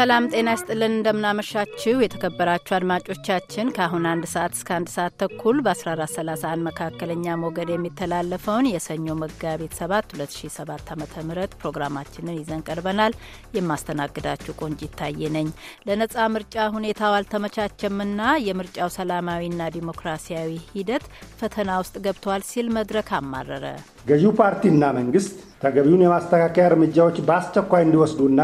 ሰላም ጤና ይስጥልን። እንደምናመሻችው የተከበራችሁ አድማጮቻችን ከአሁን አንድ ሰዓት እስከ አንድ ሰዓት ተኩል በ1431 መካከለኛ ሞገድ የሚተላለፈውን የሰኞ መጋቢት 7 2007 ዓ.ም ፕሮግራማችንን ይዘን ቀርበናል። የማስተናግዳችሁ ቆንጂ ይታየ ነኝ። ለነፃ ምርጫ ሁኔታው አልተመቻቸምና የምርጫው ሰላማዊና ዲሞክራሲያዊ ሂደት ፈተና ውስጥ ገብቷል ሲል መድረክ አማረረ። ገዢው ፓርቲና መንግስት ተገቢውን የማስተካከያ እርምጃዎች በአስቸኳይ እንዲወስዱና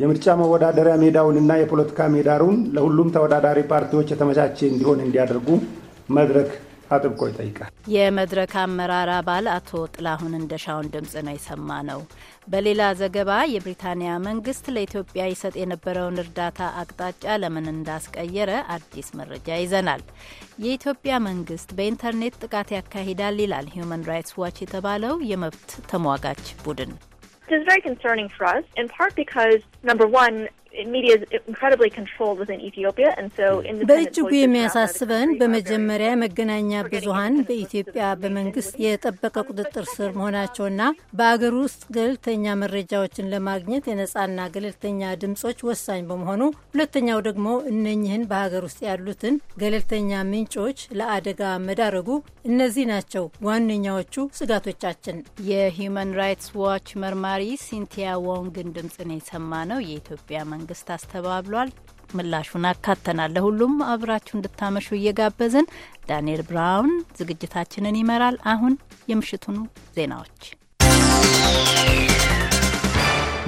የምርጫ መወዳደሪያ ሜዳውንና የፖለቲካ ሜዳሩን ለሁሉም ተወዳዳሪ ፓርቲዎች የተመቻቸ እንዲሆን እንዲያደርጉ መድረክ አጥብቆ ይጠይቃል። የመድረክ አመራር አባል አቶ ጥላሁን እንደሻውን ድምጽ ነው የሰማ ነው። በሌላ ዘገባ የብሪታንያ መንግስት ለኢትዮጵያ ይሰጥ የነበረውን እርዳታ አቅጣጫ ለምን እንዳስቀየረ አዲስ መረጃ ይዘናል። የኢትዮጵያ መንግስት በኢንተርኔት ጥቃት ያካሂዳል ይላል ሂዩማን ራይትስ ዋች የተባለው የመብት ተሟጋች ቡድን It is very concerning for us, in part because, number one, Hmm. በእጅጉ የሚያሳስበን በመጀመሪያ መገናኛ ብዙሀን በኢትዮጵያ በመንግስት የጠበቀ ቁጥጥር ስር መሆናቸውና በአገር ውስጥ ገለልተኛ መረጃዎችን ለማግኘት የነጻና ገለልተኛ ድምጾች ወሳኝ በመሆኑ፣ ሁለተኛው ደግሞ እነኝህን በሀገር ውስጥ ያሉትን ገለልተኛ ምንጮች ለአደጋ መዳረጉ። እነዚህ ናቸው ዋነኛዎቹ ስጋቶቻችን። የሂዩማን ራይትስ ዋች መርማሪ ሲንቲያ ዎንግን ድምጽን የሰማ ነው የኢትዮጵያ መንግስት መንግስት አስተባብሏል። ምላሹን አካተናል። ለሁሉም አብራችሁ እንድታመሹ እየጋበዝን ዳንኤል ብራውን ዝግጅታችንን ይመራል። አሁን የምሽቱን ዜናዎች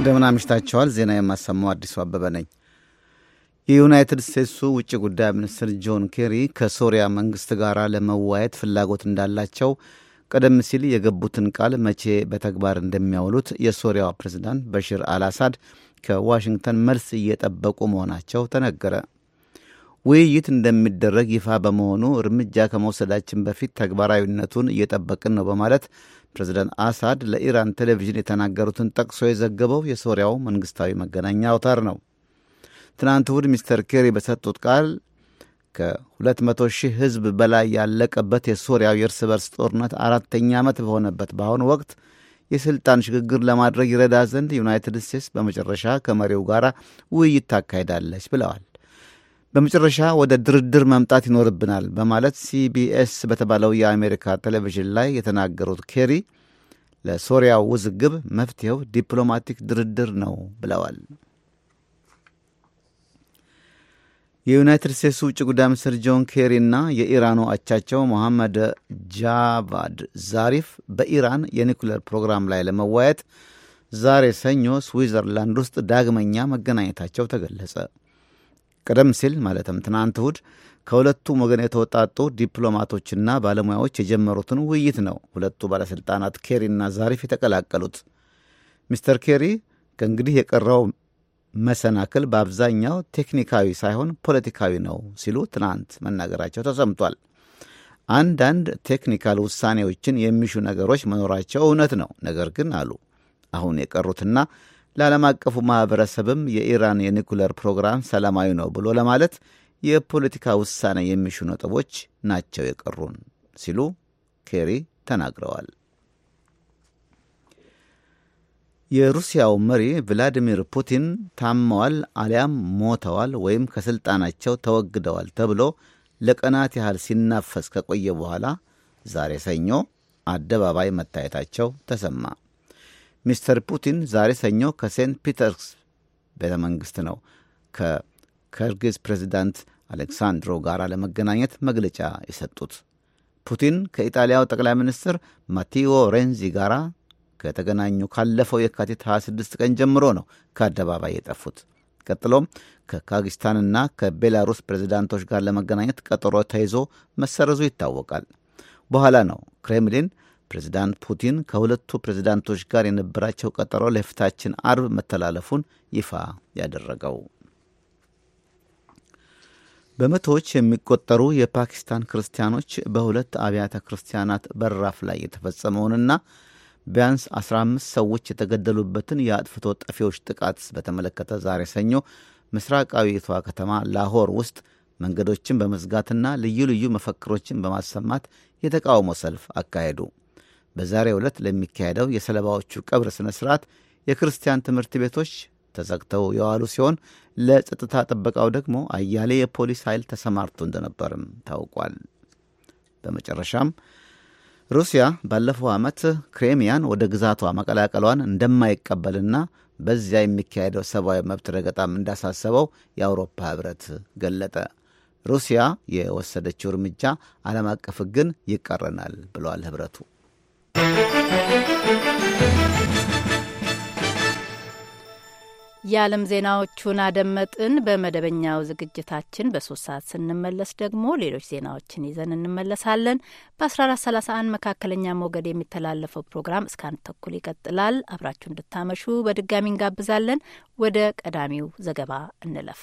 እንደምን አምሽታችኋል። ዜና የማሰማው አዲሱ አበበ ነኝ። የዩናይትድ ስቴትሱ ውጭ ጉዳይ ሚኒስትር ጆን ኬሪ ከሶሪያ መንግስት ጋር ለመዋየት ፍላጎት እንዳላቸው ቀደም ሲል የገቡትን ቃል መቼ በተግባር እንደሚያውሉት የሶሪያው ፕሬዚዳንት በሽር አልአሳድ ። ከዋሽንግተን መልስ እየጠበቁ መሆናቸው ተነገረ። ውይይት እንደሚደረግ ይፋ በመሆኑ እርምጃ ከመውሰዳችን በፊት ተግባራዊነቱን እየጠበቅን ነው በማለት ፕሬዚደንት አሳድ ለኢራን ቴሌቪዥን የተናገሩትን ጠቅሶ የዘገበው የሶሪያው መንግስታዊ መገናኛ አውታር ነው። ትናንት እሁድ ሚስተር ኬሪ በሰጡት ቃል ከ200 ሺህ ሕዝብ በላይ ያለቀበት የሶሪያው የእርስ በርስ ጦርነት አራተኛ ዓመት በሆነበት በአሁኑ ወቅት የስልጣን ሽግግር ለማድረግ ይረዳ ዘንድ ዩናይትድ ስቴትስ በመጨረሻ ከመሪው ጋር ውይይት ታካሂዳለች ብለዋል። በመጨረሻ ወደ ድርድር መምጣት ይኖርብናል በማለት ሲቢኤስ በተባለው የአሜሪካ ቴሌቪዥን ላይ የተናገሩት ኬሪ ለሶሪያው ውዝግብ መፍትሄው ዲፕሎማቲክ ድርድር ነው ብለዋል። የዩናይትድ ስቴትስ ውጭ ጉዳይ ሚኒስትር ጆን ኬሪና የኢራኑ አቻቸው መሐመድ ጃቫድ ዛሪፍ በኢራን የኒኩሌር ፕሮግራም ላይ ለመወያየት ዛሬ ሰኞ ስዊዘርላንድ ውስጥ ዳግመኛ መገናኘታቸው ተገለጸ። ቀደም ሲል ማለትም ትናንት እሁድ ከሁለቱም ወገን የተወጣጡ ዲፕሎማቶችና ባለሙያዎች የጀመሩትን ውይይት ነው ሁለቱ ባለሥልጣናት ኬሪና ዛሪፍ የተቀላቀሉት። ሚስተር ኬሪ ከእንግዲህ የቀረው መሰናክል በአብዛኛው ቴክኒካዊ ሳይሆን ፖለቲካዊ ነው ሲሉ ትናንት መናገራቸው ተሰምቷል። አንዳንድ ቴክኒካል ውሳኔዎችን የሚሹ ነገሮች መኖራቸው እውነት ነው። ነገር ግን አሉ አሁን የቀሩትና ለዓለም አቀፉ ማኅበረሰብም የኢራን የኒኩለር ፕሮግራም ሰላማዊ ነው ብሎ ለማለት የፖለቲካ ውሳኔ የሚሹ ነጥቦች ናቸው የቀሩን ሲሉ ኬሪ ተናግረዋል። የሩሲያው መሪ ቭላዲሚር ፑቲን ታመዋል አሊያም ሞተዋል ወይም ከሥልጣናቸው ተወግደዋል ተብሎ ለቀናት ያህል ሲናፈስ ከቆየ በኋላ ዛሬ ሰኞ አደባባይ መታየታቸው ተሰማ። ሚስተር ፑቲን ዛሬ ሰኞ ከሴንት ፒተርስ ቤተ መንግሥት ነው ከከርጊዝ ፕሬዚዳንት አሌክሳንድሮ ጋር ለመገናኘት መግለጫ የሰጡት። ፑቲን ከኢጣሊያው ጠቅላይ ሚኒስትር ማቴዎ ሬንዚ ጋር ከተገናኙ ካለፈው የካቲት 26 ቀን ጀምሮ ነው ከአደባባይ የጠፉት። ቀጥሎም ከካጊስታንና ከቤላሩስ ፕሬዚዳንቶች ጋር ለመገናኘት ቀጠሮ ተይዞ መሰረዙ ይታወቃል። በኋላ ነው ክሬምሊን ፕሬዚዳንት ፑቲን ከሁለቱ ፕሬዚዳንቶች ጋር የነበራቸው ቀጠሮ ለፊታችን አርብ መተላለፉን ይፋ ያደረገው። በመቶዎች የሚቆጠሩ የፓኪስታን ክርስቲያኖች በሁለት አብያተ ክርስቲያናት በራፍ ላይ የተፈጸመውንና ቢያንስ 15 ሰዎች የተገደሉበትን የአጥፍቶ ጠፊዎች ጥቃት በተመለከተ ዛሬ ሰኞ ምስራቃዊቷ ከተማ ላሆር ውስጥ መንገዶችን በመዝጋትና ልዩ ልዩ መፈክሮችን በማሰማት የተቃውሞ ሰልፍ አካሄዱ። በዛሬ ዕለት ለሚካሄደው የሰለባዎቹ ቀብር ሥነ ሥርዓት የክርስቲያን ትምህርት ቤቶች ተዘግተው የዋሉ ሲሆን ለጸጥታ ጥበቃው ደግሞ አያሌ የፖሊስ ኃይል ተሰማርቶ እንደነበርም ታውቋል። በመጨረሻም ሩሲያ ባለፈው ዓመት ክሬሚያን ወደ ግዛቷ መቀላቀሏን እንደማይቀበልና በዚያ የሚካሄደው ሰብአዊ መብት ረገጣም እንዳሳሰበው የአውሮፓ ህብረት ገለጠ። ሩሲያ የወሰደችው እርምጃ ዓለም አቀፍ ሕግን ይቃረናል ብለዋል ሕብረቱ። የዓለም ዜናዎቹን አደመጥን። በመደበኛው ዝግጅታችን በሶስት ሰዓት ስንመለስ ደግሞ ሌሎች ዜናዎችን ይዘን እንመለሳለን። በ1431 መካከለኛ ሞገድ የሚተላለፈው ፕሮግራም እስከ አንድ ተኩል ይቀጥላል። አብራችሁ እንድታመሹ በድጋሚ እንጋብዛለን። ወደ ቀዳሚው ዘገባ እንለፍ።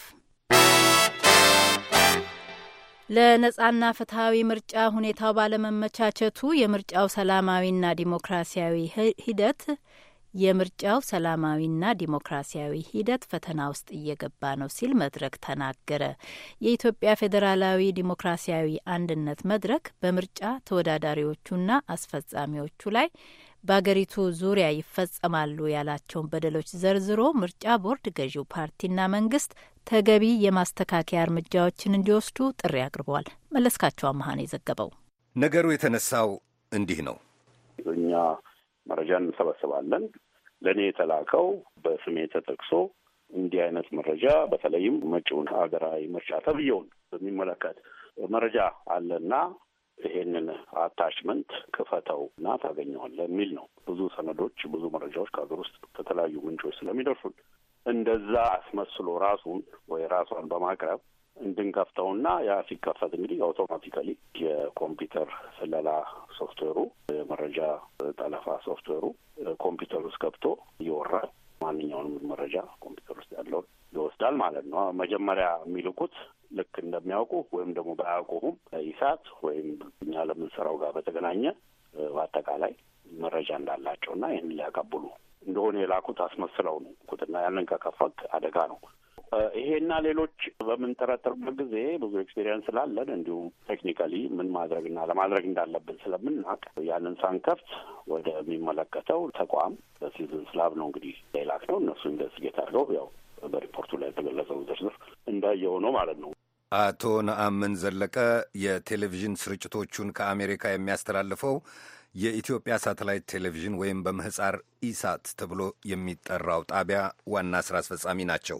ለነጻና ፍትሐዊ ምርጫ ሁኔታው ባለመመቻቸቱ የምርጫው ሰላማዊና ዲሞክራሲያዊ ሂደት የምርጫው ሰላማዊና ዲሞክራሲያዊ ሂደት ፈተና ውስጥ እየገባ ነው ሲል መድረክ ተናገረ። የኢትዮጵያ ፌዴራላዊ ዲሞክራሲያዊ አንድነት መድረክ በምርጫ ተወዳዳሪዎቹና አስፈጻሚዎቹ ላይ በአገሪቱ ዙሪያ ይፈጸማሉ ያላቸውን በደሎች ዘርዝሮ ምርጫ ቦርድ ገዢው ፓርቲና መንግስት ተገቢ የማስተካከያ እርምጃዎችን እንዲወስዱ ጥሪ አቅርበዋል። መለስካቸው አመሀን የዘገበው። ነገሩ የተነሳው እንዲህ ነው። እኛ መረጃ እንሰበስባለን። ለእኔ የተላከው በስሜ ተጠቅሶ እንዲህ አይነት መረጃ በተለይም መጪውን ሀገራዊ ምርጫ ተብዬውን በሚመለከት መረጃ አለና ይሄንን አታችመንት ክፈተው እና ታገኘዋለህ የሚል ነው። ብዙ ሰነዶች፣ ብዙ መረጃዎች ከሀገር ውስጥ ከተለያዩ ምንጮች ስለሚደርሱን እንደዛ አስመስሎ ራሱን ወይ ራሷን በማቅረብ እንድንከፍተውና ያ ሲከፈት እንግዲህ አውቶማቲካሊ የኮምፒውተር ስለላ ሶፍትዌሩ የመረጃ ጠለፋ ሶፍትዌሩ ኮምፒውተር ውስጥ ገብቶ ይወራል። ማንኛውንም መረጃ ኮምፒውተር ውስጥ ያለውን ይወስዳል ማለት ነው። መጀመሪያ የሚልኩት ልክ እንደሚያውቁ ወይም ደግሞ ባያውቁሁም ኢሳት ወይም እኛ ለምንሰራው ጋር በተገናኘ በአጠቃላይ መረጃ እንዳላቸውና ይህን ሊያቀብሉ እንደሆነ የላኩት አስመስለው ነው ቁትና ያንን ከከፈት አደጋ ነው። ይሄና ሌሎች በምንጠረጥርበት ጊዜ ብዙ ኤክስፔሪንስ ስላለን እንዲሁ ቴክኒካሊ ምን ማድረግና ለማድረግ እንዳለብን ስለምናውቅ ያንን ሳንከፍት ወደሚመለከተው ተቋም በሲዝን ስላብ ነው እንግዲህ ላይላክ ነው እነሱ ኢንቨስቲጌት አድርገው ያው በሪፖርቱ ላይ የተገለጸው ዝርዝር እንዳየው ነው ማለት ነው። አቶ ነአምን ዘለቀ የቴሌቪዥን ስርጭቶቹን ከአሜሪካ የሚያስተላልፈው የኢትዮጵያ ሳተላይት ቴሌቪዥን ወይም በምህፃር ኢሳት ተብሎ የሚጠራው ጣቢያ ዋና ስራ አስፈጻሚ ናቸው።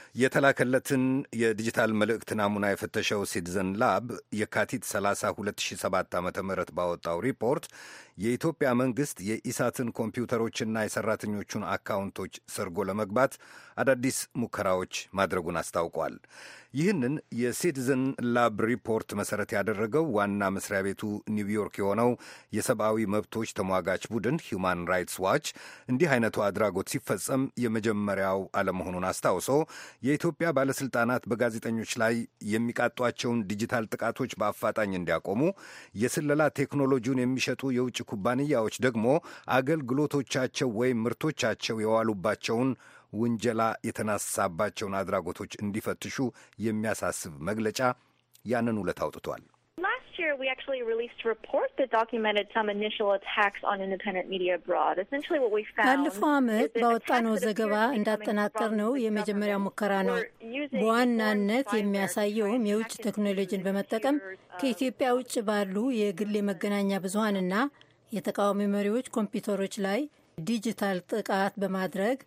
የተላከለትን የዲጂታል መልእክት ናሙና የፈተሸው ሲቲዘን ላብ የካቲት 30 2007 ዓ ም ባወጣው ሪፖርት የኢትዮጵያ መንግሥት የኢሳትን ኮምፒውተሮችና የሠራተኞቹን አካውንቶች ሰርጎ ለመግባት አዳዲስ ሙከራዎች ማድረጉን አስታውቋል። ይህንን የሲቲዘን ላብ ሪፖርት መሠረት ያደረገው ዋና መስሪያ ቤቱ ኒውዮርክ የሆነው የሰብአዊ መብቶች ተሟጋች ቡድን ሂውማን ራይትስ ዋች እንዲህ አይነቱ አድራጎት ሲፈጸም የመጀመሪያው አለመሆኑን አስታውሶ የኢትዮጵያ ባለሥልጣናት በጋዜጠኞች ላይ የሚቃጧቸውን ዲጂታል ጥቃቶች በአፋጣኝ እንዲያቆሙ፣ የስለላ ቴክኖሎጂውን የሚሸጡ የውጭ ኩባንያዎች ደግሞ አገልግሎቶቻቸው ወይም ምርቶቻቸው የዋሉባቸውን ውንጀላ የተነሳባቸውን አድራጎቶች እንዲፈትሹ የሚያሳስብ መግለጫ ያንን ውለት አውጥቷል። year, we actually released a report that documented some initial attacks on independent media abroad. Essentially what we found ባለፈው ዓመት ባወጣነው ዘገባ እንዳጠናቀርነው የመጀመሪያ ሙከራ ነው። በዋናነት የሚያሳየውም የውጭ ቴክኖሎጂን በመጠቀም uh, ከኢትዮጵያ ውጭ ባሉ የግል የመገናኛ ብዙኃንና የተቃዋሚ መሪዎች ኮምፒውተሮች ላይ ዲጂታል ጥቃት በማድረግ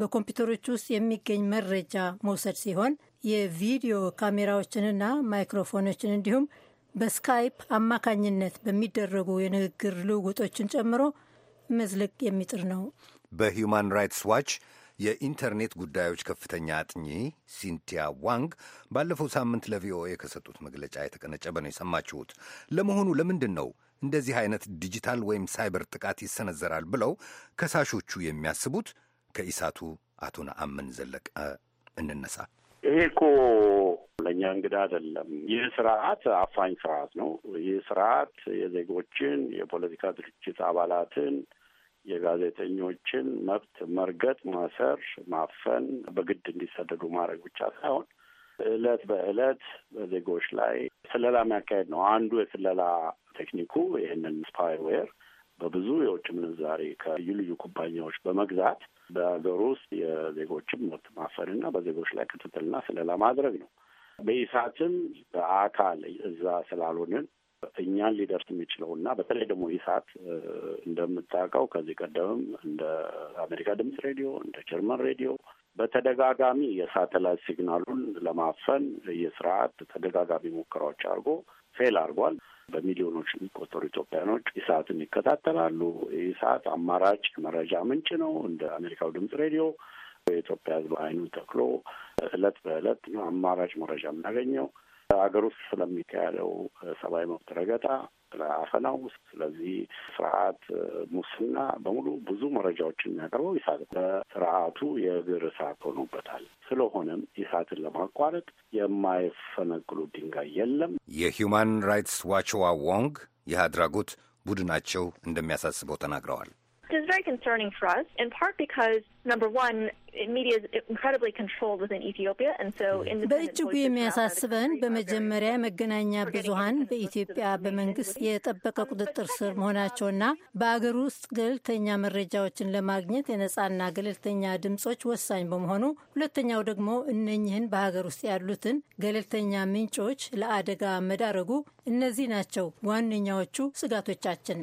በኮምፒውተሮች ውስጥ የሚገኝ መረጃ መውሰድ ሲሆን የቪዲዮ ካሜራዎችንና ማይክሮፎኖችን እንዲሁም በስካይፕ አማካኝነት በሚደረጉ የንግግር ልውውጦችን ጨምሮ መዝለቅ የሚጥር ነው። በሂዩማን ራይትስ ዋች የኢንተርኔት ጉዳዮች ከፍተኛ አጥኚ ሲንቲያ ዋንግ ባለፈው ሳምንት ለቪኦኤ ከሰጡት መግለጫ የተቀነጨበ ነው የሰማችሁት። ለመሆኑ ለምንድን ነው እንደዚህ አይነት ዲጂታል ወይም ሳይበር ጥቃት ይሰነዘራል ብለው ከሳሾቹ የሚያስቡት? ከኢሳቱ አቶ ነአምን ዘለቀ እንነሳ። ይሄ እኮ ለእኛ እንግዳ አይደለም። ይህ ስርዓት አፋኝ ስርዓት ነው። ይህ ስርዓት የዜጎችን የፖለቲካ ድርጅት አባላትን የጋዜጠኞችን መብት መርገጥ፣ ማሰር፣ ማፈን፣ በግድ እንዲሰደዱ ማድረግ ብቻ ሳይሆን እለት በእለት በዜጎች ላይ ስለላ የሚያካሄድ ነው። አንዱ የስለላ ቴክኒኩ ይህንን ስፓይዌር በብዙ የውጭ ምንዛሬ ከልዩ ልዩ ኩባንያዎች በመግዛት በሀገር ውስጥ የዜጎችን መብት ማፈንና በዜጎች ላይ ክትትልና ስለላ ማድረግ ነው። በኢሳትም በአካል እዛ ስላልሆንን እኛን ሊደርስ የሚችለው እና በተለይ ደግሞ ኢሳት እንደምታውቀው ከዚህ ቀደምም እንደ አሜሪካ ድምፅ ሬዲዮ እንደ ጀርመን ሬዲዮ በተደጋጋሚ የሳተላይት ሲግናሉን ለማፈን የስርዓት ተደጋጋሚ ሙከራዎች አድርጎ ፌል አድርጓል። በሚሊዮኖች የሚቆጠሩ ኢትዮጵያኖች ኢሳትን ይከታተላሉ። ኢሳት አማራጭ መረጃ ምንጭ ነው። እንደ አሜሪካው ድምፅ ሬዲዮ የኢትዮጵያ ህዝብ አይኑን ተክሎ እለት በእለት ነው አማራጭ መረጃ የምናገኘው ሀገር ውስጥ ስለሚካሄደው ሰብአዊ መብት ረገጣ፣ ስለ አፈናው፣ ስለዚህ ስርዓት ሙስና በሙሉ ብዙ መረጃዎችን የሚያቀርበው ኢሳት በስርዓቱ የእግር እሳት ሆኖበታል። ስለሆነም ኢሳትን ለማቋረጥ የማይፈነቅሉ ድንጋይ የለም። የሂውማን ራይትስ ዋ ዎንግ ይህ አድራጎት ቡድናቸው እንደሚያሳስበው ተናግረዋል። is very concerning for us, in part because number one, በእጅጉ የሚያሳስበን በመጀመሪያ መገናኛ ብዙኃን በኢትዮጵያ በመንግስት የጠበቀ ቁጥጥር ስር መሆናቸውና በአገር ውስጥ ገለልተኛ መረጃዎችን ለማግኘት የነጻና ገለልተኛ ድምጾች ወሳኝ በመሆኑ፣ ሁለተኛው ደግሞ እነኝህን በሀገር ውስጥ ያሉትን ገለልተኛ ምንጮች ለአደጋ መዳረጉ። እነዚህ ናቸው ዋነኛዎቹ ስጋቶቻችን።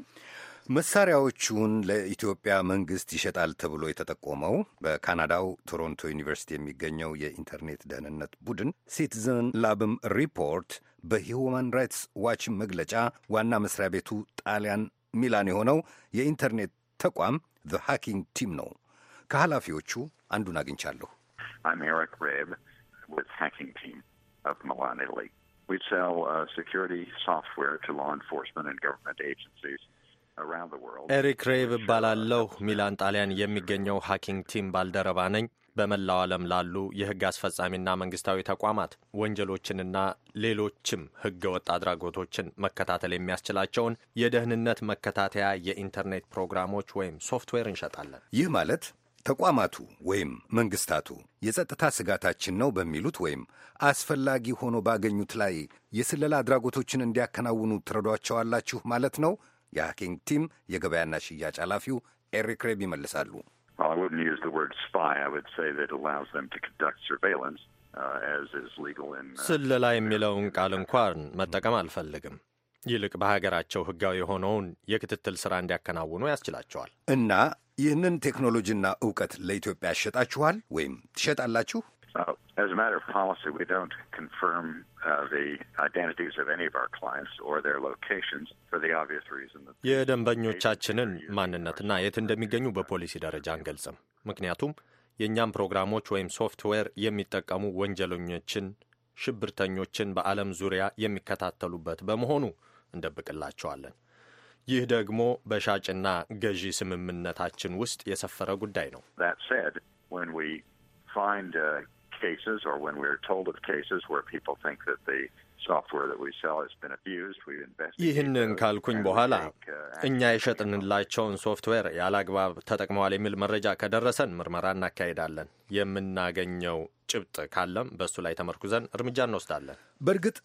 መሳሪያዎቹን ለኢትዮጵያ መንግስት ይሸጣል ተብሎ የተጠቆመው በካናዳው ቶሮንቶ ዩኒቨርሲቲ የሚገኘው የኢንተርኔት ደህንነት ቡድን ሲቲዘን ላብም ሪፖርት በሂውማን ራይትስ ዋች መግለጫ ዋና መስሪያ ቤቱ ጣሊያን ሚላን የሆነው የኢንተርኔት ተቋም ዘ ሃኪንግ ቲም ነው። ከኃላፊዎቹ አንዱን አግኝቻለሁ። ሚላን ሶፍትዌር ኢንፎርስመንት ገቨርንመንት ኤጀንሲስ ኤሪክ ሬቭ እባላለሁ። ሚላን ጣሊያን የሚገኘው ሀኪንግ ቲም ባልደረባ ነኝ። በመላው ዓለም ላሉ የሕግ አስፈጻሚና መንግስታዊ ተቋማት ወንጀሎችንና ሌሎችም ሕገ ወጥ አድራጎቶችን መከታተል የሚያስችላቸውን የደህንነት መከታተያ የኢንተርኔት ፕሮግራሞች ወይም ሶፍትዌር እንሸጣለን። ይህ ማለት ተቋማቱ ወይም መንግስታቱ የጸጥታ ስጋታችን ነው በሚሉት ወይም አስፈላጊ ሆኖ ባገኙት ላይ የስለላ አድራጎቶችን እንዲያከናውኑ ትረዷቸዋላችሁ ማለት ነው። የሀኪንግ ቲም የገበያና ሽያጭ ኃላፊው ኤሪክ ሬብ ይመልሳሉ። uh, uh, ስለላ የሚለውን ቃል እንኳን መጠቀም አልፈልግም። ይልቅ በሀገራቸው ሕጋዊ የሆነውን የክትትል ሥራ እንዲያከናውኑ ያስችላቸዋል። እና ይህንን ቴክኖሎጂና እውቀት ለኢትዮጵያ ሸጣችኋል ወይም ትሸጣላችሁ? Uh, as a matter of policy, we don't confirm uh, the identities of any of our clients or their locations for the obvious reason that የደንበኞቻችንን ማንነትና የት እንደሚገኙ በፖሊሲ ደረጃ አንገልጽም። ምክንያቱም የእኛም ፕሮግራሞች ወይም ሶፍትዌር የሚጠቀሙ ወንጀለኞችን፣ ሽብርተኞችን በዓለም ዙሪያ የሚከታተሉበት በመሆኑ እንደብቅላቸዋለን። ይህ ደግሞ በሻጭና ገዢ ስምምነታችን ውስጥ የሰፈረ ጉዳይ ነው። cases or when we're told of cases where people think that the ይህንን ካልኩኝ በኋላ uh, እኛ የሸጥንላቸውን ሶፍትዌር ያለአግባብ ተጠቅመዋል የሚል መረጃ ከደረሰን ምርመራ እናካሄዳለን። የምናገኘው ጭብጥ ካለም በእሱ ላይ ተመርኩዘን እርምጃ እንወስዳለን። በእርግጥ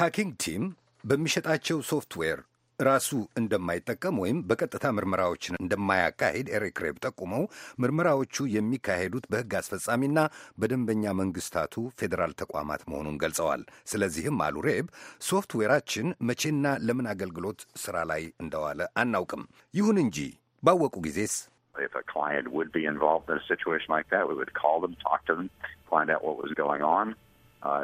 ሃኪንግ ቲም በሚሸጣቸው ሶፍትዌር ራሱ እንደማይጠቀም ወይም በቀጥታ ምርመራዎችን እንደማያካሂድ ኤሪክ ሬብ ጠቁመው ምርመራዎቹ የሚካሄዱት በህግ አስፈጻሚና በደንበኛ መንግስታቱ ፌዴራል ተቋማት መሆኑን ገልጸዋል። ስለዚህም አሉ ሬብ ሶፍትዌራችን መቼና ለምን አገልግሎት ስራ ላይ እንደዋለ አናውቅም። ይሁን እንጂ ባወቁ ጊዜስ Uh,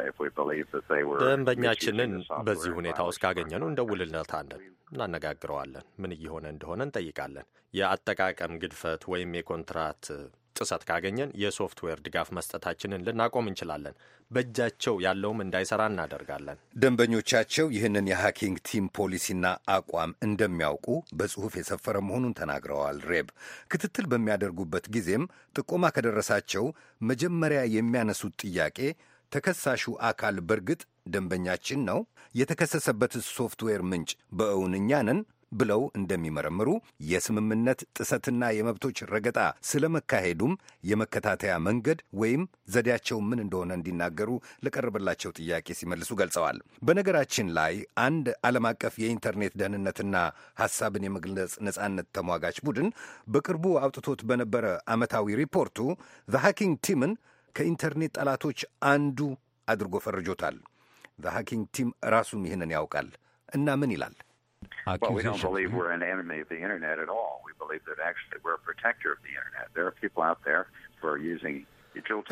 ደንበኛችንን በዚህ ሁኔታ ውስጥ ካገኘነው እንደውልለታለን፣ እናነጋግረዋለን። ምን እየሆነ እንደሆነ እንጠይቃለን። የአጠቃቀም ግድፈት ወይም የኮንትራት ጥሰት ካገኘን የሶፍትዌር ድጋፍ መስጠታችንን ልናቆም እንችላለን። በእጃቸው ያለውም እንዳይሰራ እናደርጋለን። ደንበኞቻቸው ይህንን የሃኪንግ ቲም ፖሊሲና አቋም እንደሚያውቁ በጽሁፍ የሰፈረ መሆኑን ተናግረዋል። ሬብ ክትትል በሚያደርጉበት ጊዜም ጥቆማ ከደረሳቸው መጀመሪያ የሚያነሱት ጥያቄ ተከሳሹ አካል በእርግጥ ደንበኛችን ነው፣ የተከሰሰበት ሶፍትዌር ምንጭ በእውንኛንን ነን ብለው እንደሚመረምሩ የስምምነት ጥሰትና የመብቶች ረገጣ ስለመካሄዱም የመከታተያ መንገድ ወይም ዘዴያቸው ምን እንደሆነ እንዲናገሩ ለቀረበላቸው ጥያቄ ሲመልሱ ገልጸዋል። በነገራችን ላይ አንድ ዓለም አቀፍ የኢንተርኔት ደህንነትና ሐሳብን የመግለጽ ነጻነት ተሟጋች ቡድን በቅርቡ አውጥቶት በነበረ ዓመታዊ ሪፖርቱ ዘ ሃኪንግ ቲምን ከኢንተርኔት ጠላቶች አንዱ አድርጎ ፈርጆታል። ሀኪንግ ቲም ራሱም ይህንን ያውቃል እና ምን ይላል?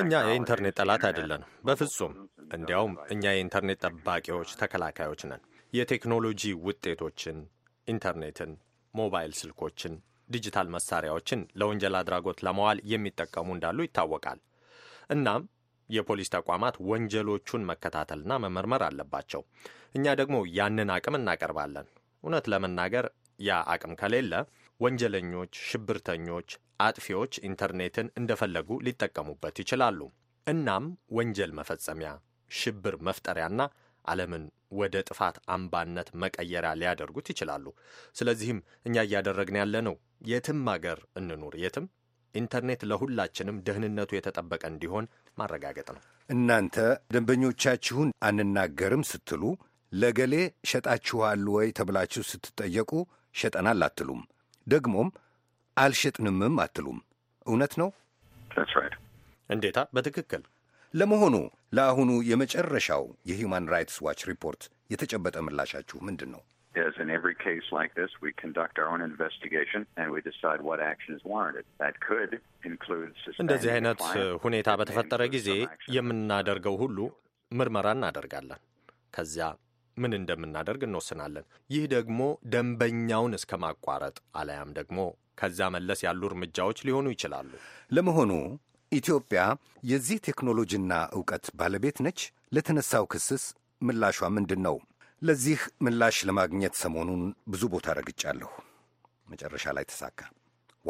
እኛ የኢንተርኔት ጠላት አይደለንም በፍጹም። እንዲያውም እኛ የኢንተርኔት ጠባቂዎች፣ ተከላካዮች ነን። የቴክኖሎጂ ውጤቶችን፣ ኢንተርኔትን፣ ሞባይል ስልኮችን፣ ዲጂታል መሳሪያዎችን ለወንጀል አድራጎት ለማዋል የሚጠቀሙ እንዳሉ ይታወቃል። እናም የፖሊስ ተቋማት ወንጀሎቹን መከታተልና መመርመር አለባቸው። እኛ ደግሞ ያንን አቅም እናቀርባለን። እውነት ለመናገር ያ አቅም ከሌለ ወንጀለኞች፣ ሽብርተኞች፣ አጥፊዎች ኢንተርኔትን እንደፈለጉ ሊጠቀሙበት ይችላሉ። እናም ወንጀል መፈጸሚያ፣ ሽብር መፍጠሪያና ዓለምን ወደ ጥፋት አምባነት መቀየሪያ ሊያደርጉት ይችላሉ። ስለዚህም እኛ እያደረግን ያለ ነው የትም አገር እንኑር የትም ኢንተርኔት ለሁላችንም ደህንነቱ የተጠበቀ እንዲሆን ማረጋገጥ ነው። እናንተ ደንበኞቻችሁን አንናገርም ስትሉ ለገሌ ሸጣችኋል ወይ ተብላችሁ ስትጠየቁ ሸጠናል አትሉም። ደግሞም አልሸጥንምም አትሉም። እውነት ነው? እንዴታ፣ በትክክል ለመሆኑ ለአሁኑ የመጨረሻው የሂውማን ራይትስ ዋች ሪፖርት የተጨበጠ ምላሻችሁ ምንድን ነው? is in every case like this, we conduct our own investigation and we decide what action is warranted. That could include እንደዚህ አይነት uh, ሁኔታ በተፈጠረ ጊዜ የምናደርገው ሁሉ ምርመራ እናደርጋለን። ከዚያ ምን እንደምናደርግ እንወስናለን። ይህ ደግሞ ደንበኛውን እስከ ማቋረጥ አለያም ደግሞ ከዚያ መለስ ያሉ እርምጃዎች ሊሆኑ ይችላሉ። ለመሆኑ ኢትዮጵያ የዚህ ቴክኖሎጂና እውቀት ባለቤት ነች? ለተነሳው ክስስ ምላሿ ምንድን ነው? ለዚህ ምላሽ ለማግኘት ሰሞኑን ብዙ ቦታ ረግጫለሁ። መጨረሻ ላይ ተሳካ።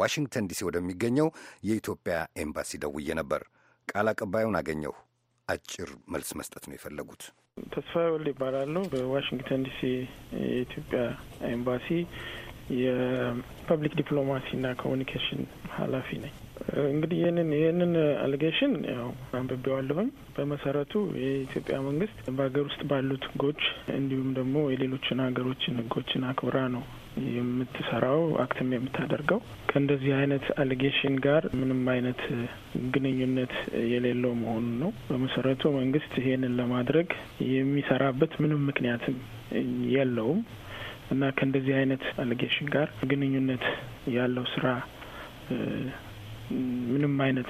ዋሽንግተን ዲሲ ወደሚገኘው የኢትዮጵያ ኤምባሲ ደውዬ ነበር። ቃል አቀባዩን አገኘሁ። አጭር መልስ መስጠት ነው የፈለጉት። ተስፋ ወልድ ይባላሉ። በዋሽንግተን ዲሲ የኢትዮጵያ ኤምባሲ የፐብሊክ ዲፕሎማሲና ኮሚኒኬሽን ኃላፊ ነኝ። እንግዲህ ይህንን ይህንን አሊጌሽን ያው አንብቤዋለሁኝ። በመሰረቱ የኢትዮጵያ መንግስት በሀገር ውስጥ ባሉት ህጎች እንዲሁም ደግሞ የሌሎችን ሀገሮችን ህጎችን አክብራ ነው የምትሰራው አክትም የምታደርገው። ከእንደዚህ አይነት አሊጌሽን ጋር ምንም አይነት ግንኙነት የሌለው መሆኑን ነው። በመሰረቱ መንግስት ይህንን ለማድረግ የሚሰራበት ምንም ምክንያትም የለውም እና ከእንደዚህ አይነት አሊጌሽን ጋር ግንኙነት ያለው ስራ ምንም አይነት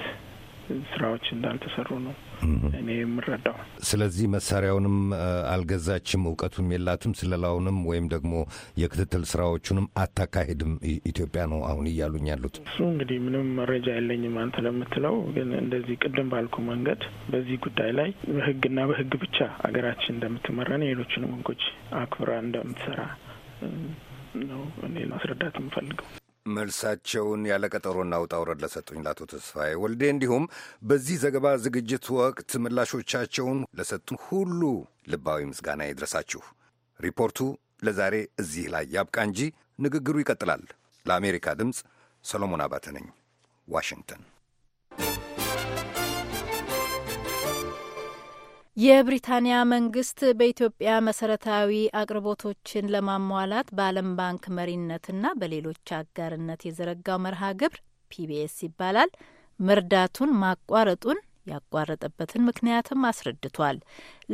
ስራዎች እንዳልተሰሩ ነው እኔ የምረዳው። ስለዚህ መሳሪያውንም አልገዛችም፣ እውቀቱም የላትም፣ ስለላውንም ወይም ደግሞ የክትትል ስራዎቹንም አታካሄድም ኢትዮጵያ ነው አሁን እያሉኝ ያሉት። እሱ እንግዲህ ምንም መረጃ የለኝም አንተ ለምትለው ግን፣ እንደዚህ ቅድም ባልኩ መንገድ በዚህ ጉዳይ ላይ በህግና በህግ ብቻ አገራችን እንደምትመራን የሌሎችንም ህጎች አክብራ እንደምትሰራ ነው እኔ ማስረዳት የምፈልገው። መልሳቸውን ያለ ቀጠሮና ውጣ ውረድ ለሰጡኝ ለአቶ ተስፋዬ ወልዴ እንዲሁም በዚህ ዘገባ ዝግጅት ወቅት ምላሾቻቸውን ለሰጡን ሁሉ ልባዊ ምስጋና ይድረሳችሁ። ሪፖርቱ ለዛሬ እዚህ ላይ ያብቃ እንጂ ንግግሩ ይቀጥላል። ለአሜሪካ ድምፅ ሰሎሞን አባተ ነኝ ዋሽንግተን። የብሪታንያ መንግስት በኢትዮጵያ መሰረታዊ አቅርቦቶችን ለማሟላት በዓለም ባንክ መሪነትና በሌሎች አጋርነት የዘረጋው መርሃ ግብር ፒቢኤስ ይባላል መርዳቱን ማቋረጡን ያቋረጠበትን ምክንያትም አስረድቷል።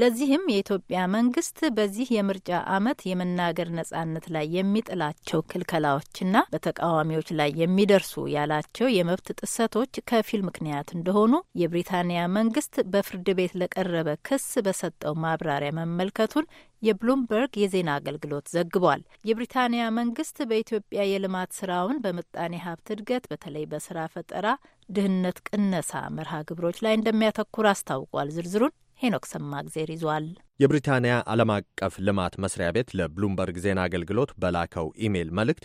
ለዚህም የኢትዮጵያ መንግስት በዚህ የምርጫ ዓመት የመናገር ነጻነት ላይ የሚጥላቸው ክልከላዎችና በተቃዋሚዎች ላይ የሚደርሱ ያላቸው የመብት ጥሰቶች ከፊል ምክንያት እንደሆኑ የብሪታንያ መንግስት በፍርድ ቤት ለቀረበ ክስ በሰጠው ማብራሪያ መመልከቱን የብሉምበርግ የዜና አገልግሎት ዘግቧል። የብሪታንያ መንግስት በኢትዮጵያ የልማት ስራውን በምጣኔ ሀብት እድገት፣ በተለይ በስራ ፈጠራ፣ ድህነት ቅነሳ መርሃ ግብሮች ላይ እንደሚያተኩር አስታውቋል። ዝርዝሩን ሄኖክ ሰማግዜር ይዟል። የብሪታንያ ዓለም አቀፍ ልማት መስሪያ ቤት ለብሉምበርግ ዜና አገልግሎት በላከው ኢሜይል መልእክት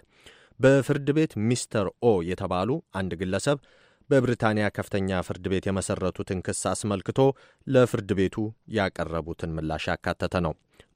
በፍርድ ቤት ሚስተር ኦ የተባሉ አንድ ግለሰብ በብሪታንያ ከፍተኛ ፍርድ ቤት የመሰረቱትን ክስ አስመልክቶ ለፍርድ ቤቱ ያቀረቡትን ምላሽ ያካተተ ነው።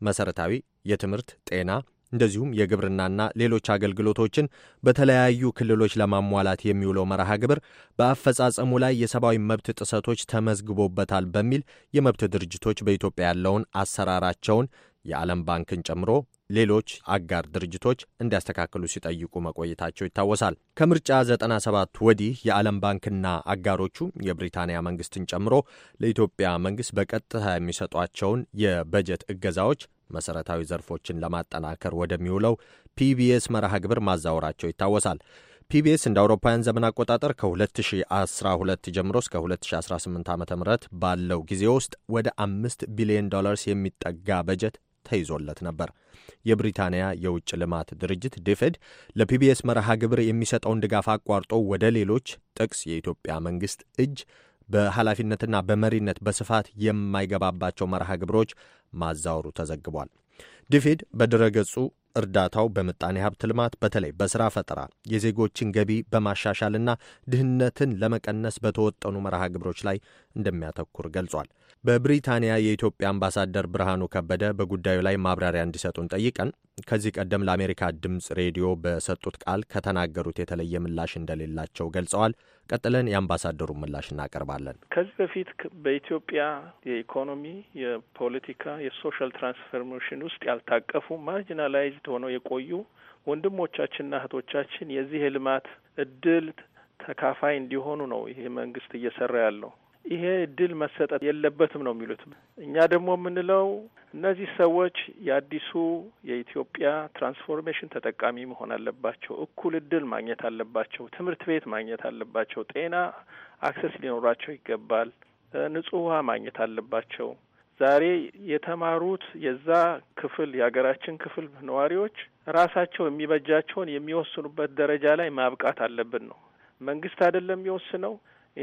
መሰረታዊ የትምህርት፣ ጤና እንደዚሁም የግብርናና ሌሎች አገልግሎቶችን በተለያዩ ክልሎች ለማሟላት የሚውለው መርሃ ግብር በአፈጻጸሙ ላይ የሰብአዊ መብት ጥሰቶች ተመዝግቦበታል በሚል የመብት ድርጅቶች በኢትዮጵያ ያለውን አሰራራቸውን የዓለም ባንክን ጨምሮ ሌሎች አጋር ድርጅቶች እንዲያስተካክሉ ሲጠይቁ መቆየታቸው ይታወሳል። ከምርጫ 97 ወዲህ የዓለም ባንክና አጋሮቹ የብሪታንያ መንግስትን ጨምሮ ለኢትዮጵያ መንግስት በቀጥታ የሚሰጧቸውን የበጀት እገዛዎች መሰረታዊ ዘርፎችን ለማጠናከር ወደሚውለው ፒቢኤስ መርሃ ግብር ማዛወራቸው ይታወሳል። ፒቢኤስ እንደ አውሮፓውያን ዘመን አቆጣጠር ከ2012 ጀምሮ እስከ 2018 ዓ ም ባለው ጊዜ ውስጥ ወደ አምስት ቢሊዮን ዶላርስ የሚጠጋ በጀት ተይዞለት ነበር። የብሪታንያ የውጭ ልማት ድርጅት ድፍድ ለፒቢኤስ መርሃ ግብር የሚሰጠውን ድጋፍ አቋርጦ ወደ ሌሎች ጥቅስ የኢትዮጵያ መንግሥት እጅ በኃላፊነትና በመሪነት በስፋት የማይገባባቸው መርሃ ግብሮች ማዛወሩ ተዘግቧል። ድፊድ በድረገጹ እርዳታው በምጣኔ ሀብት ልማት በተለይ በሥራ ፈጠራ፣ የዜጎችን ገቢ በማሻሻልና ድህነትን ለመቀነስ በተወጠኑ መርሃ ግብሮች ላይ እንደሚያተኩር ገልጿል። በብሪታንያ የኢትዮጵያ አምባሳደር ብርሃኑ ከበደ በጉዳዩ ላይ ማብራሪያ እንዲሰጡን ጠይቀን ከዚህ ቀደም ለአሜሪካ ድምፅ ሬዲዮ በሰጡት ቃል ከተናገሩት የተለየ ምላሽ እንደሌላቸው ገልጸዋል። ቀጥለን የአምባሳደሩን ምላሽ እናቀርባለን። ከዚህ በፊት በኢትዮጵያ የኢኮኖሚ፣ የፖለቲካ፣ የሶሻል ትራንስፎርሜሽን ውስጥ ያልታቀፉ ማርጂናላይዝድ ሆነው የቆዩ ወንድሞቻችንና እህቶቻችን የዚህ የልማት እድል ተካፋይ እንዲሆኑ ነው ይህ መንግስት እየሰራ ያለው። ይሄ እድል መሰጠት የለበትም ነው የሚሉት። እኛ ደግሞ የምንለው እነዚህ ሰዎች የአዲሱ የኢትዮጵያ ትራንስፎርሜሽን ተጠቃሚ መሆን አለባቸው። እኩል እድል ማግኘት አለባቸው። ትምህርት ቤት ማግኘት አለባቸው። ጤና አክሰስ ሊኖራቸው ይገባል። ንጹህ ውሃ ማግኘት አለባቸው። ዛሬ የተማሩት የዛ ክፍል የሀገራችን ክፍል ነዋሪዎች ራሳቸው የሚበጃቸውን የሚወስኑበት ደረጃ ላይ ማብቃት አለብን ነው። መንግስት አይደለም የሚወስነው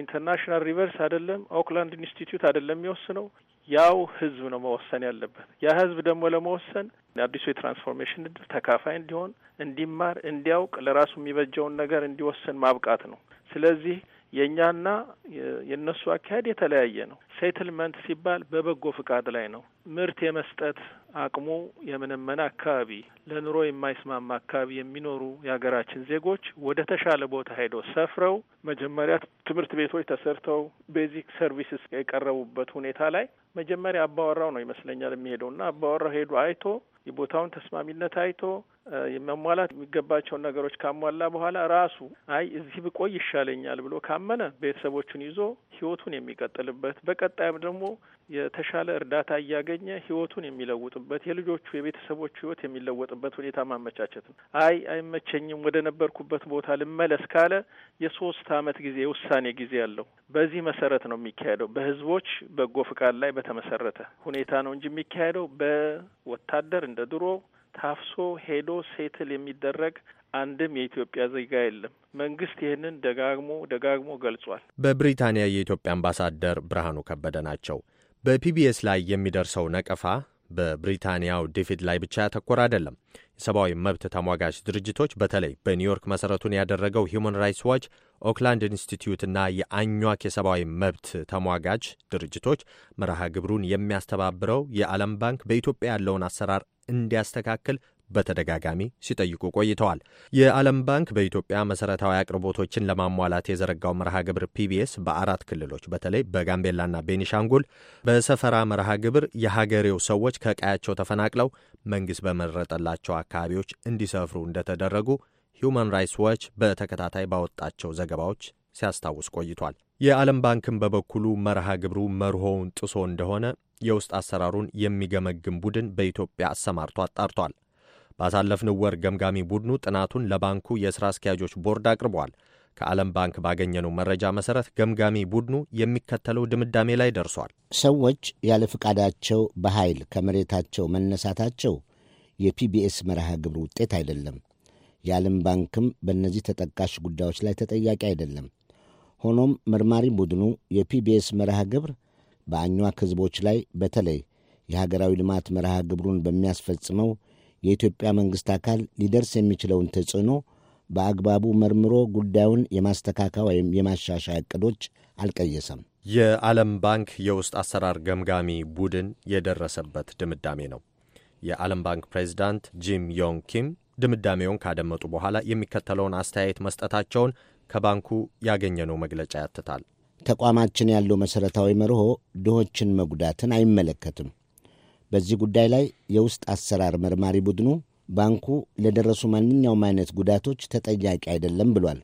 ኢንተርናሽናል ሪቨርስ አይደለም፣ ኦክላንድ ኢንስቲትዩት አይደለም የሚወስነው ያው ህዝብ ነው መወሰን ያለበት። ያ ህዝብ ደግሞ ለመወሰን አዲሱ የትራንስፎርሜሽን እድል ተካፋይ እንዲሆን፣ እንዲማር፣ እንዲያውቅ ለራሱ የሚበጀውን ነገር እንዲወስን ማብቃት ነው። ስለዚህ የእኛና የእነሱ አካሄድ የተለያየ ነው። ሴትልመንት ሲባል በበጎ ፍቃድ ላይ ነው። ምርት የመስጠት አቅሙ የመነመነ አካባቢ፣ ለኑሮ የማይስማማ አካባቢ የሚኖሩ የሀገራችን ዜጎች ወደ ተሻለ ቦታ ሄደው ሰፍረው መጀመሪያ ትምህርት ቤቶች ተሰርተው ቤዚክ ሰርቪስስ የቀረቡበት ሁኔታ ላይ መጀመሪያ አባወራው ነው ይመስለኛል የሚሄደው እና አባወራው ሄዱ አይቶ የቦታውን ተስማሚነት አይቶ መሟላት የሚገባቸውን ነገሮች ካሟላ በኋላ ራሱ አይ እዚህ ብቆይ ይሻለኛል ብሎ ካመነ ቤተሰቦቹን ይዞ ህይወቱን የሚቀጥልበት በቀጣይም ደግሞ የተሻለ እርዳታ እያገኘ ህይወቱን የሚለውጥበት የልጆቹ የቤተሰቦቹ ህይወት የሚለወጥበት ሁኔታ ማመቻቸት ነው። አይ አይመቸኝም፣ ወደ ነበርኩበት ቦታ ልመለስ ካለ የሶስት አመት ጊዜ የውሳኔ ጊዜ አለው። በዚህ መሰረት ነው የሚካሄደው በህዝቦች በጎ ፍቃድ ላይ በተመሰረተ ሁኔታ ነው እንጂ የሚካሄደው በወታደር እንደ ድሮ ታፍሶ ሄዶ ሴትል የሚደረግ አንድም የኢትዮጵያ ዜጋ የለም። መንግስት ይህንን ደጋግሞ ደጋግሞ ገልጿል። በብሪታንያ የኢትዮጵያ አምባሳደር ብርሃኑ ከበደ ናቸው። በፒቢኤስ ላይ የሚደርሰው ነቀፋ በብሪታንያው ዴቪድ ላይ ብቻ ያተኮረ አይደለም። የሰብአዊ መብት ተሟጋች ድርጅቶች በተለይ በኒውዮርክ መሠረቱን ያደረገው ሁማን ራይትስ ዋች፣ ኦክላንድ ኢንስቲትዩትና የአኟክ የሰብአዊ መብት ተሟጋች ድርጅቶች መርሃ ግብሩን የሚያስተባብረው የዓለም ባንክ በኢትዮጵያ ያለውን አሰራር እንዲያስተካክል በተደጋጋሚ ሲጠይቁ ቆይተዋል። የዓለም ባንክ በኢትዮጵያ መሠረታዊ አቅርቦቶችን ለማሟላት የዘረጋው መርሃ ግብር ፒቢኤስ በአራት ክልሎች በተለይ በጋምቤላና ቤኒሻንጉል በሰፈራ መርሃ ግብር የሀገሬው ሰዎች ከቀያቸው ተፈናቅለው መንግሥት በመረጠላቸው አካባቢዎች እንዲሰፍሩ እንደተደረጉ ሁማን ራይትስ ዋች በተከታታይ ባወጣቸው ዘገባዎች ሲያስታውስ ቆይቷል። የዓለም ባንክም በበኩሉ መርሃ ግብሩ መርሆውን ጥሶ እንደሆነ የውስጥ አሰራሩን የሚገመግም ቡድን በኢትዮጵያ አሰማርቶ አጣርቷል። ባሳለፍንው ወር ገምጋሚ ቡድኑ ጥናቱን ለባንኩ የሥራ አስኪያጆች ቦርድ አቅርቧል። ከዓለም ባንክ ባገኘነው መረጃ መሠረት ገምጋሚ ቡድኑ የሚከተለው ድምዳሜ ላይ ደርሷል። ሰዎች ያለ ፍቃዳቸው በኃይል ከመሬታቸው መነሳታቸው የፒቢኤስ መርሃ ግብር ውጤት አይደለም። የዓለም ባንክም በእነዚህ ተጠቃሽ ጉዳዮች ላይ ተጠያቂ አይደለም። ሆኖም መርማሪ ቡድኑ የፒቢኤስ መርሃ ግብር በአኟክ ሕዝቦች ላይ በተለይ የሀገራዊ ልማት መርሃ ግብሩን በሚያስፈጽመው የኢትዮጵያ መንግሥት አካል ሊደርስ የሚችለውን ተጽዕኖ በአግባቡ መርምሮ ጉዳዩን የማስተካከያ ወይም የማሻሻያ ዕቅዶች አልቀየሰም። የዓለም ባንክ የውስጥ አሰራር ገምጋሚ ቡድን የደረሰበት ድምዳሜ ነው። የዓለም ባንክ ፕሬዚዳንት ጂም ዮንግ ኪም ድምዳሜውን ካደመጡ በኋላ የሚከተለውን አስተያየት መስጠታቸውን ከባንኩ ያገኘነው መግለጫ ያትታል። ተቋማችን ያለው መሠረታዊ መርሆ ድሆችን መጉዳትን አይመለከትም። በዚህ ጉዳይ ላይ የውስጥ አሰራር መርማሪ ቡድኑ ባንኩ ለደረሱ ማንኛውም አይነት ጉዳቶች ተጠያቂ አይደለም ብሏል።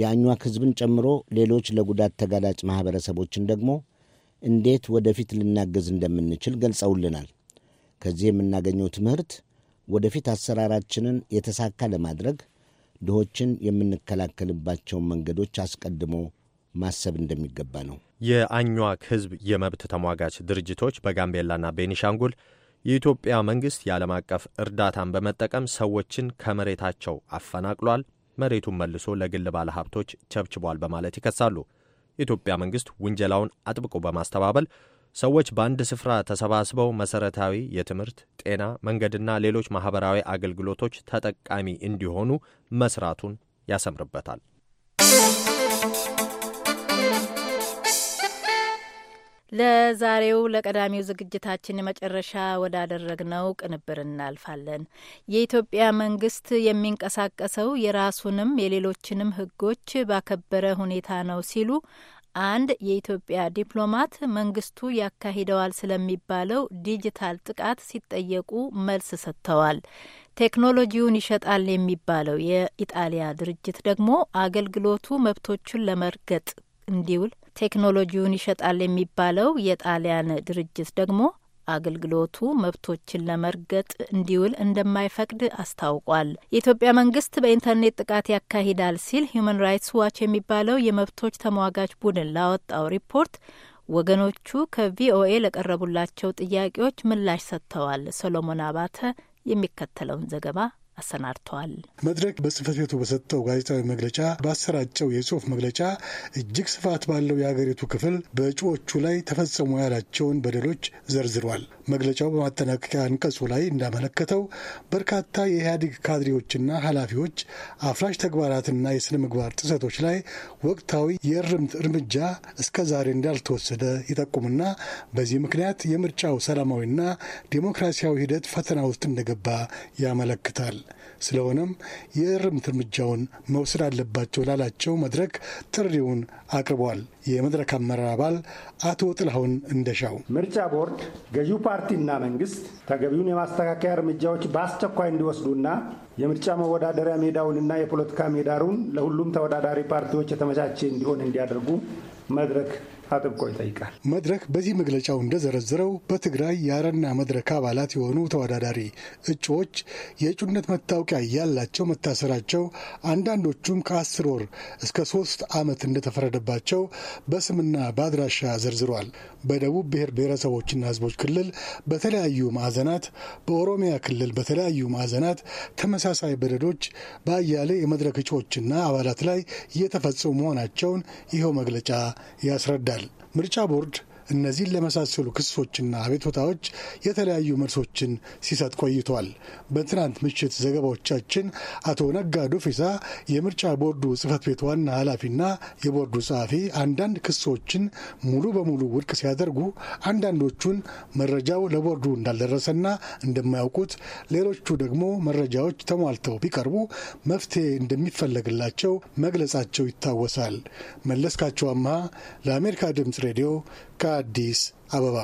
የአኟክ ሕዝብን ጨምሮ ሌሎች ለጉዳት ተጋላጭ ማኅበረሰቦችን ደግሞ እንዴት ወደፊት ልናገዝ እንደምንችል ገልጸውልናል። ከዚህ የምናገኘው ትምህርት ወደፊት አሰራራችንን የተሳካ ለማድረግ ድሆችን የምንከላከልባቸውን መንገዶች አስቀድሞ ማሰብ እንደሚገባ ነው። የአኟክ ህዝብ የመብት ተሟጋች ድርጅቶች በጋምቤላና ቤኒሻንጉል የኢትዮጵያ መንግሥት የዓለም አቀፍ እርዳታን በመጠቀም ሰዎችን ከመሬታቸው አፈናቅሏል፣ መሬቱን መልሶ ለግል ባለሀብቶች ቸብችቧል በማለት ይከሳሉ። የኢትዮጵያ መንግሥት ውንጀላውን አጥብቆ በማስተባበል ሰዎች በአንድ ስፍራ ተሰባስበው መሠረታዊ የትምህርት፣ ጤና፣ መንገድና ሌሎች ማኅበራዊ አገልግሎቶች ተጠቃሚ እንዲሆኑ መሥራቱን ያሰምርበታል። ለዛሬው ለቀዳሚው ዝግጅታችን መጨረሻ ወዳደረግነው ቅንብር እናልፋለን። የኢትዮጵያ መንግስት የሚንቀሳቀሰው የራሱንም የሌሎችንም ህጎች ባከበረ ሁኔታ ነው ሲሉ አንድ የኢትዮጵያ ዲፕሎማት መንግስቱ ያካሂደዋል ስለሚባለው ዲጂታል ጥቃት ሲጠየቁ መልስ ሰጥተዋል። ቴክኖሎጂውን ይሸጣል የሚባለው የኢጣሊያ ድርጅት ደግሞ አገልግሎቱ መብቶቹን ለመርገጥ እንዲውል ቴክኖሎጂውን ይሸጣል የሚባለው የጣሊያን ድርጅት ደግሞ አገልግሎቱ መብቶችን ለመርገጥ እንዲውል እንደማይፈቅድ አስታውቋል። የኢትዮጵያ መንግስት በኢንተርኔት ጥቃት ያካሂዳል ሲል ሁማን ራይትስ ዋች የሚባለው የመብቶች ተሟጋች ቡድን ላወጣው ሪፖርት ወገኖቹ ከቪኦኤ ለቀረቡላቸው ጥያቄዎች ምላሽ ሰጥተዋል። ሰሎሞን አባተ የሚከተለውን ዘገባ አሰናድተዋል። መድረክ በጽህፈት ቤቱ በሰጠው ጋዜጣዊ መግለጫ ባሰራጨው የጽሁፍ መግለጫ እጅግ ስፋት ባለው የሀገሪቱ ክፍል በእጩዎቹ ላይ ተፈጸሙ ያላቸውን በደሎች ዘርዝሯል። መግለጫው በማጠናቀቂያ አንቀጹ ላይ እንዳመለከተው በርካታ የኢህአዴግ ካድሬዎችና ኃላፊዎች አፍራሽ ተግባራትና የሥነ ምግባር ጥሰቶች ላይ ወቅታዊ የእርምት እርምጃ እስከ ዛሬ እንዳልተወሰደ ይጠቁምና በዚህ ምክንያት የምርጫው ሰላማዊና ዴሞክራሲያዊ ሂደት ፈተና ውስጥ እንደገባ ያመለክታል። ስለሆነም የእርምት እርምጃውን መውሰድ አለባቸው ላላቸው መድረክ ጥሪውን አቅርቧል። የመድረክ አመራር አባል አቶ ጥላሁን እንደሻው ምርጫ ቦርድ ገዢው ፓርቲና መንግስት ተገቢውን የማስተካከያ እርምጃዎች በአስቸኳይ እንዲወስዱና የምርጫ መወዳደሪያ ሜዳውንና የፖለቲካ ሜዳሩን ለሁሉም ተወዳዳሪ ፓርቲዎች የተመቻቸ እንዲሆን እንዲያደርጉ መድረክ አጥብቆ ይጠይቃል። መድረክ በዚህ መግለጫው እንደዘረዝረው በትግራይ የአረና መድረክ አባላት የሆኑ ተወዳዳሪ እጩዎች የእጩነት መታወቂያ ያላቸው መታሰራቸው፣ አንዳንዶቹም ከአስር ወር እስከ ሶስት ዓመት እንደተፈረደባቸው በስምና በአድራሻ ዘርዝሯል። በደቡብ ብሔር ብሔረሰቦችና ሕዝቦች ክልል በተለያዩ ማዕዘናት፣ በኦሮሚያ ክልል በተለያዩ ማዕዘናት ተመሳሳይ በደዶች በአያሌ የመድረክ እጩዎችና አባላት ላይ እየተፈጸሙ መሆናቸውን ይኸው መግለጫ ያስረዳል። ምርጫ ቦርድ እነዚህን ለመሳሰሉ ክሶችና ቦታዎች የተለያዩ መልሶችን ሲሰጥ ቆይቷል። በትናንት ምሽት ዘገባዎቻችን አቶ ነጋ ዱፊሳ የምርጫ ቦርዱ ጽህፈት ቤት ዋና ኃላፊና የቦርዱ ጸሐፊ አንዳንድ ክሶችን ሙሉ በሙሉ ውድቅ ሲያደርጉ፣ አንዳንዶቹን መረጃው ለቦርዱ እንዳልደረሰና እንደማያውቁት፣ ሌሎቹ ደግሞ መረጃዎች ተሟልተው ቢቀርቡ መፍትሄ እንደሚፈለግላቸው መግለጻቸው ይታወሳል። መለስካቸው አምሃ ለአሜሪካ ድምፅ ሬዲዮ ከአዲስ አበባ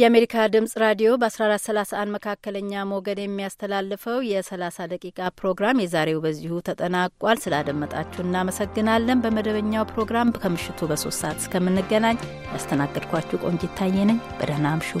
የአሜሪካ ድምጽ ራዲዮ በ1431 መካከለኛ ሞገድ የሚያስተላልፈው የ30 ደቂቃ ፕሮግራም የዛሬው በዚሁ ተጠናቋል። ስላደመጣችሁ እናመሰግናለን። በመደበኛው ፕሮግራም ከምሽቱ በሶስት ሰዓት እስከምንገናኝ ያስተናገድኳችሁ ቆንጂት ታየ ነኝ። በደህና አምሹ።